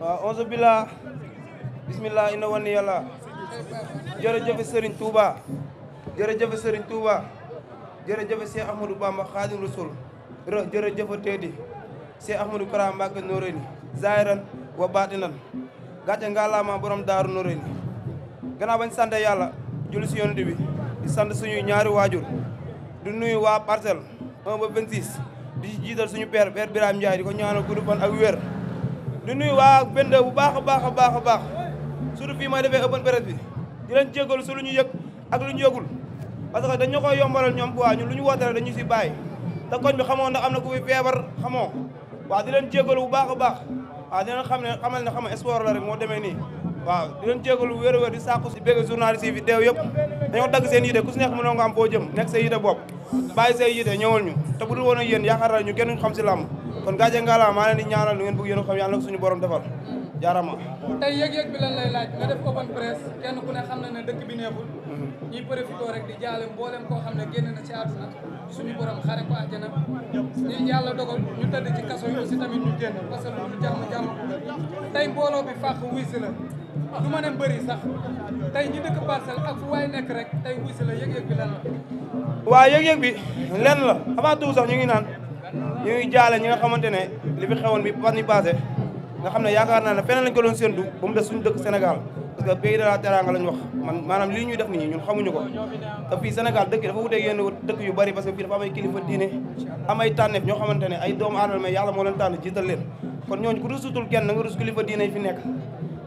waaw onze bila bismillah ina wani yàlla jërëjëfe sëriñ Touba jërëjëfe sëriñ Touba jërëjëfe Cheikh Ahmadou Bamba Khadim Rasoul rë jërëjëfe teedi Cheikh Ahmadou Kara Mbacké Noreyni zahiran wa batinan gàcce ngalaama borom daaru Noreyni gannaaw bañ sante yàlla julli si yonent bi di sant suñuy ñaari waajur du nuyu waa parcelle 1 ba 26 di jiital suñu père beer Birame Ndiaye di ko ñaanal gudd fan ak wér. di nuyu waa Bende bu baax a baax a baax a baax surtout fii may defee open presse bi di leen jégalu su ñu yëg ak lu ñu yëgul parce que dañu koy yombalal ñoom quoi lu ñu woote rek dañu si bàyyi te koñ bi xamoo ndax am na ku fi feebar xamoo waaw di leen jégalu bu baax a baax waaw di leen xam ne xamal ne xam ne sport la rek moo demee nii. waaw di leen jégalu wér-wér di sàkku si bëgg journaliste yi fi teew yëpp dañoo dagg seen yite ku si nekk mënoo nga am foo jëm nekk seen yite bopp. bàyyi say yite ñëwal ñu te bu dul woon ak yéen yaakaar naa ñu kenn xam si làmb kon gàcce ngaalaa maa leen ñaanal lu ngeen bëgg yéen a xam yàlla na suñu borom defal jaarama tey yëg-yëg bi lay laaj nga def open press kenn ku ne xam na ne bi neexul mhm. ñu tëdd ci kaso yi aussi tamit ñu génn parce que loolu jàmm jàmm tey mbooloo bi fàq wiisi la du ma ne bëri sax tey ñu dëkk parcelle ak fu waay nekk rek tey wiisi yëg-yëg bi waa yëg-yëg bi lenn la avant sax ñu ngi naan ñu ngi jaale ñi nga xamante ne li fi xewoon bi fan yi passé nga xam ne yaakaar naa ne feneen lañ ko doon séntu ba mu des suñu dëkk Sénégal lii ñuy def nit ñi ñun xamuñu ko te fii Sénégal dëkk yi dafa wuteeg yenn dëkk yu bari parce que fii dafa am ay kilifa diine am ay tànneef ñoo xamante ne ay doomu aadama mais yàlla moo leen tànn jiital leen kon ñooñu ku rusutul kenn nga rus kilifa diine fi nekk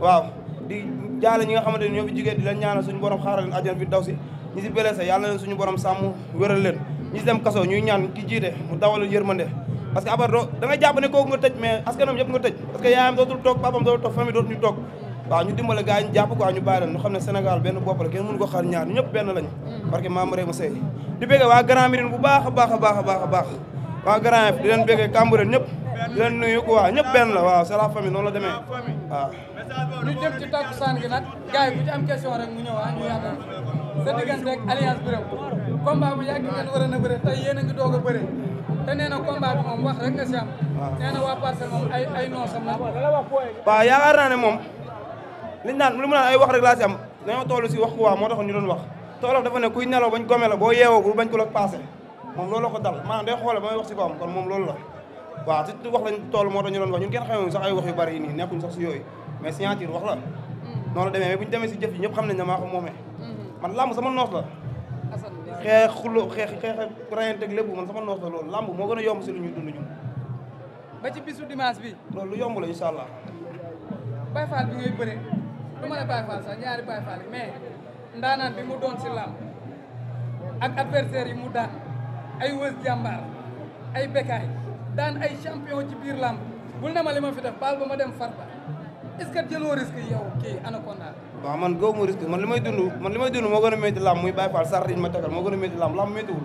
waaw di jaale ñi nga xamante ne ñoo fi jigéen di leen ñaanal suñu borom xaaral leen àjjana daw si ñi si suñu borom sàmm wéral leen ñi si dem kaso ñuy ñaan mu dawal yërmande parce que après doo jàpp ne kooku nga yëpp nga tëj parce que yaayam dootul toog papam dootul toog famille dootuñu toog waaw ñu dimbale gars yi ñu jàpp quoi ñu bàyyi leen ñu xam ne Sénégal benn bopp la kenn mënu ko xar ñaar ñu ñëpp benn lañu parce mm. que maam Réma Sey di béggee waa Grand Mirine bu baax a baax a baax a baax a baax waa Grand Yoff di leen béggee Cambérène ñëpp di leen nuyu quoi ñëpp benn la waaw c'est la famille noonu la demee waaw ñu jëm ci takkusaan gi bu ci sa diggante ak alliance bu rëb bu yàgg ngeen war a na bëre a ngi doog a bëre te nee na combat bi moom wax rek nga si am. waaw nee na waa parcelle moom ay ay noosam la. yaakaar naa moom liñ naan lu mu naan ay wax rek laa si am dañoo si wax ku waaw moo tax ñu doon wax. toolof dafa ne kuy nelaw bañ gome la boo yeewoo bul bañ ko la passé moom loolu ko dal maanaam day xoole ba may wax si ko kon moom loolu la. waaw si wax lañ toll moo tax ñu doon wax ñun kenn sax ay wax yu bari nii nekkuñ sax si yooyu wax la. Hmm. noonu la bu demee si jëf yi ñëpp xam nañ ne maa man lamb sama noos la xeex xulo xeex xeex rayanteeg lépp man sama noos la loolu làmb moo gën a yomb si lu ñuy dund ñun ba ci bisu dimanche bi loolu lu yomb la incha allah Baye Fall bi ngay bëre du ma ne Baye Fall sax ñaari Baye Fall yi mais ndaanaan bi mu doon si làmb ak adversaire yi mu daan ay wës jàmbaar ay bekaay daan ay champion ci biir làmb bul ne ma li ma fi baal ba ma dem farba est-ce que jëloo risque yow kii waaw man gaw ma risque man li may dund man li may dund moo gën a métti làmb muy bàyyi faal sart yi ma tegal moo gën a métti làmb làmb méttiwul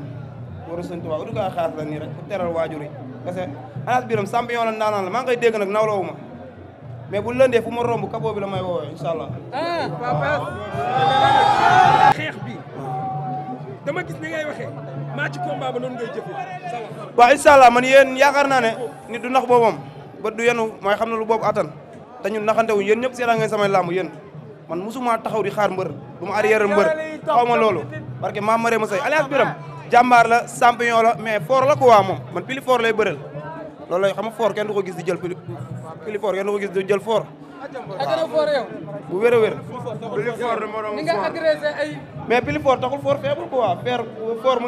war a sëñ tubaab udu kaa xaas la nii rek pour teral waajur la ndaanaan la maa ngi koy dégg nag nawloowu mais bu lëndee fu ma romb kaboo bi la may woowee incha allah ah, xeex bi dama man yéen yaakaar naa ne nit du nax boobam ba du yenu mooy xam ne lu boobu attan te ñun naxante wuñ yéen ñëpp seetaan ngeen samay làmb man musuma taxaw di xaar mbër du ma mbër xaw ma loolu parce que maam maree ma say alias biram jàmbaar la champion la mais fort la ko waa moom man pili fort lay bëreel loolu lay xam kenn du ko gis di jël pili pili fort kenn du ko gis di jël fort agro fort bu wér a wér pili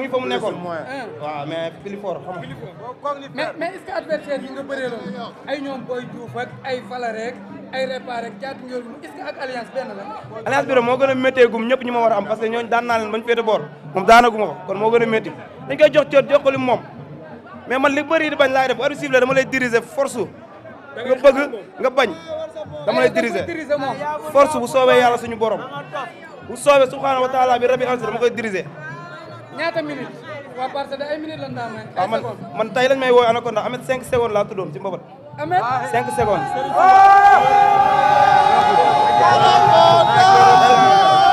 ngi fa mu nekkoon waaw pili fort xam nga mais est nga bëreeloon ay ñoom booy Diouf rek ay réparé alliance benn moo gën a méttee gum ñëpp ñu ma war am parce que ñooñu daan naa leen bañ féete boor moom daanaguma ko kon moo gën a métti dañ koy jox cër jox ko li moom mais man li bañ laay def bu arbitre dama lay diriger force nga bëgg nga bañ dama lay diriger force bu soobee yàlla suñu borom bu soobee subhaanahu wa taala bi rabbi ansi dama koy diriger. ñaata minutes. Ah, man man tey lañ may wooy amet 5 secondes laa tuddoon ci mbabat. cinq secondes.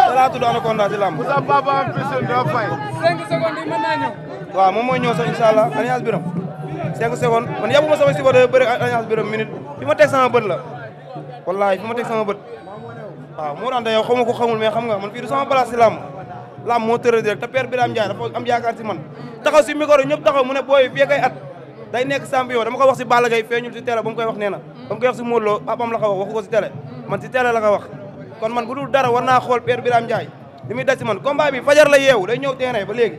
dara tudd Anaconda ci lamb. Moussa Papa am bisul doo fay. cinq secondes yi naa ñëw. waaw moom mooy ñëw sax incha allah Alliance Birame cinq secondes man yabuma sama si bëre bëre Alliance Birame minute fi ma teg sama bët la wallahi fi ma teg sama bët waaw moo tax yow xamu ko xamul mais xam nga man fii du sama place ci lamb lamb moo tëral rek te père Birame Ndiaye dafa am yaakaar ci man taxaw si micro ñëpp taxaw mu ne booy fii day nekk champion dama ko wax si Balla Gaye feeñul si télé ba mu koy wax nee na ba mu koy si Modou Lo papam la ko wax ko si télé man si télé la ko kon man bu dul dara war naa xool Père Birame Ndiaye li muy des si man combat bi fajar la yeewu day ñëw terrain ba léegi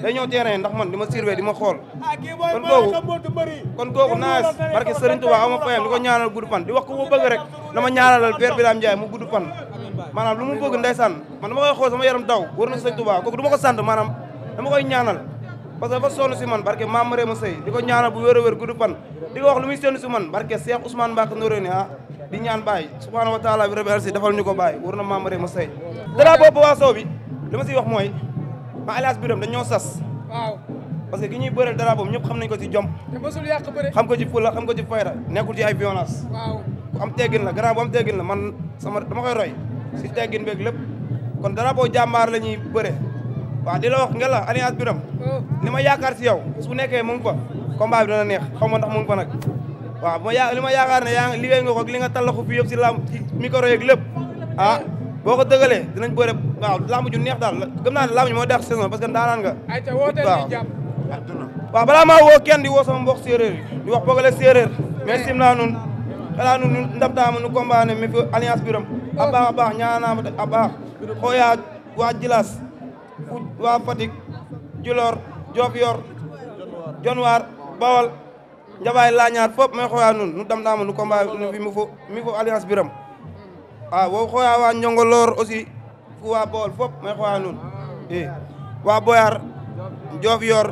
day ñëw terrain ndax man di ma surveiller di ma xool ah, kon kooku kon kooku naas barke Serigne Touba aw ma fayam di ko ñaanal gudd fan di wax ko mu bëgg rek na ma ñaanalal Père Birame Ndiaye mu gudd maanaam lu mu bëgg ndeysaan man dama koy xool sama yaram daw war ma ko sant maanaam dama koy ñaanal parce que dafa sonn si man barke maam Marème Seye di ko ñaanal bu wér a wér fan di ko wax lu muy séntu si man barke Cheikh Ousmane Mbacke Noreyni ah di ñaan Baye subhaanahu wa taala bi rabbi si dafal ñu ko Baye war na maam Marème Seye dara boobu waa Sow bi ma siy wax mooy ma Elhadj Birame dañoo sas waaw parce que gi ñuy bëreel dara boobu ñëpp xam nañ ko ci jom xam ko ci fulla xam ko ci fayda nekkul ci ay violence waaw ku am teggin la grand bu am teggin la man sama dama koy roy si jàmbaar la ñuy bëre waaw di la wax nga la alliance biram ni oh. ma yaakaar si yow su nekkee mu ngi fa combat bi dana xaw ma ndax mu ngi nag waaw ma li ma yaakaar ne yaa liggéey nga ko li nga tallaxu fii yëpp si lamb ci micro lépp ah boo ko dëgalee dinañ bëre waaw lamb ju neex daal gëm naa ne lamb ji moo deex saison parce que ndaanaan nga waaw balaa maa woo di woo sama mbokk séeréer yi di wax bogale séeréer mais sim naa nun xanaa nun ndam taama nu combat ne mi fi alliance biram a baax a baax ñaanaa ma a baax xooyaa waa fu waa Fatick Djilor Diofior Dionewar Bawol Njabaay Laañaar fop may xooya nun nu damtaama nu combat mi fo alliance biram waaw ah, wo xooya waa Njongoloor aussi fu waa Bawol fop may xooya nun i eh, waa Boyar Diofior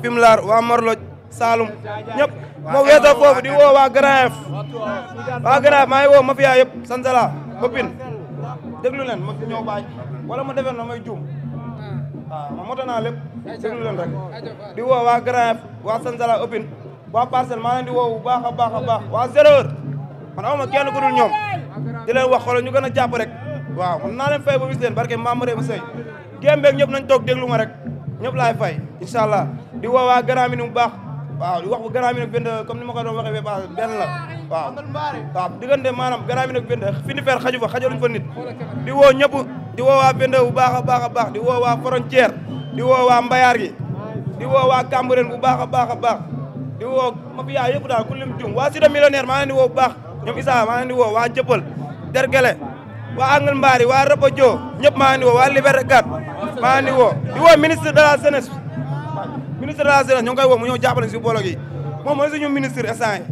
Fimlar waa Morloj Saalum ñëpp moo weesoo foofu di woo waa Grand F waa Grand F maa ngi Sansala Bopin déglu leen ma ñëw baaj wala ma defee na may juum waaw moto naa lépp déglu leen rek di woo waa Grand waa Sanzala Open waa Parcelles maa leen di woo bu baax a baax a baax waa zéro heure man awma kenn ku dul ñoom di leen wax xoolal ñu gën a jàpp rek waaw naa leen fay ba bis leen barke maam ré ba sëy géem beeg ñëpp nañ toog déglu ma rek ñëpp laay fay incha allah di woo waa Grand Médine baax waaw di wax bu Grand Médine benn comme ni ma ko doon waxee bi baax benn la waaw waaw diggante maanaam Grand Médine benn fi ni fer xaju fa di woo waa Bende bu baax a baax a baax di woo waa frontière di woo waa Mbayar gi di woo waa Cambérène bu baax a baax a baax di woo mafia yëpp daal ku lim jum waa Cité millionnaire maa leen di woo bu baax ñoom Issa maa leen di woo waa Jëppal Dergele waa Angle Mbari waa Rapa Dio ñëpp maa leen di woo waa Liberté 4 maa leen di woo di woo ministre de la jeunesse ministre de la jeunesse ñoo ngi koy woo mu ñëw jàppale si boolo gi moom mooy suñu ministre instant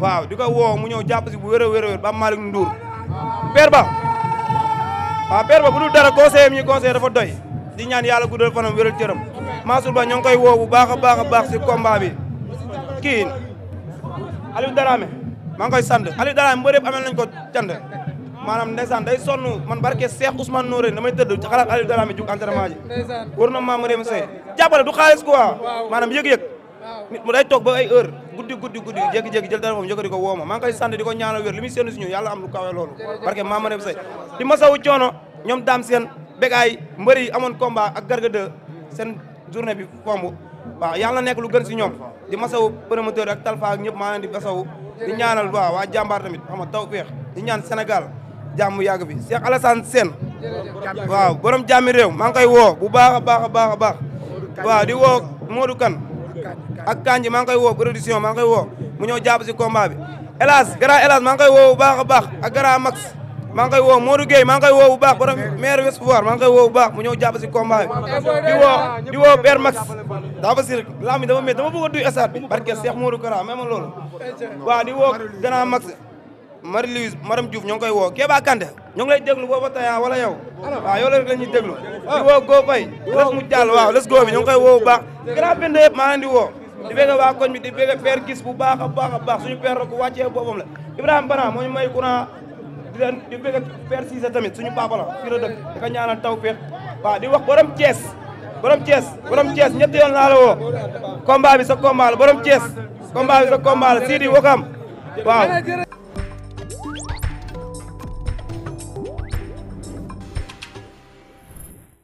waaw di ko woo mu ñëw jàpp si bu wér a wér a wér ba Malick waaw père ba bu dul dara conseil ñi conseil dafa doy di ñaan yàlla guddal fanam wéral cëram Mansour Ba ñoo ngi koy woo bu baax a baax a baax si combat bi kii Aliou Darame maa ngi koy sant Aliou Darame mbër yëpp amel nañ ko cand maanaam ndeysaan day sonn man barke Cheikh Ousmane Nouré damay tëdd ci xalaat Aliou Darame jug entraînement ji war na maam réem see jàppale du xaalis quoi maanaam yëg nit mu day toog ba ay heure guddi guddi guddi jékki jël téléphone jëkkër ko woo ma maa ngi koy sant di ko ñaanal wér li muy séenu si ñun yàlla am lu kawe loolu barke maama say di masawu coono ñoom daam seen bégaay mbëri amoon combat ak garga seen journée bi fomb waaw yàlla na nekk lu gën si ñoom di masawu promoteur ak talfa ak ñëpp maa leen di masawu di ñaanal waaw waa jàmbaar tamit xam nga taw féex di ñaan Sénégal jàmm yàgg bi Cheikh Alassane Sène waaw borom jàmmi réew maa ngi koy woo bu baax a baax a baax a baax waaw di ak kanji maa ngi koy woo production maa ngi koy woo mu ñëw jàpp si combat bi hélas grand hélas maa ngi koy woo bu baax a baax ak grand max maa ngi koy woo Modou Gueye maa ngi koy woo bu baax borom maire West Foire maa mu ñëw jàpp si combat di woo di woo daa ba si rek laa mi dafa métti dama bëgg a duy stade bi barke Cheikh Modou Kara même loolu waaw di woo grand max Marie Louise Maram Diouf ñoo ngi koy woo Kéba Kanté ñoo ngi lay déglu booba wala yow waaw yow la rek la ñuy déglu di woo Go Faye les mu jàll waaw les go bi ñu ngi koy woo bu baax grand pend yëpp maa leen di woo di bëgg waa koñ bi di bëgg père gis bu baax a baax a baax suñu père ko wàccee boppam la Ibrahima Bana moo ñu may courant di leen di bëgg père Cissé tamit suñu papa la fii la dëkk di ko ñaanal taw féex waaw di wax borom Thiès borom Thiès borom Thiès ñetti yoon woo combat sa combat la borom Thiès combat bi sa combat la Sidi Wakam waaw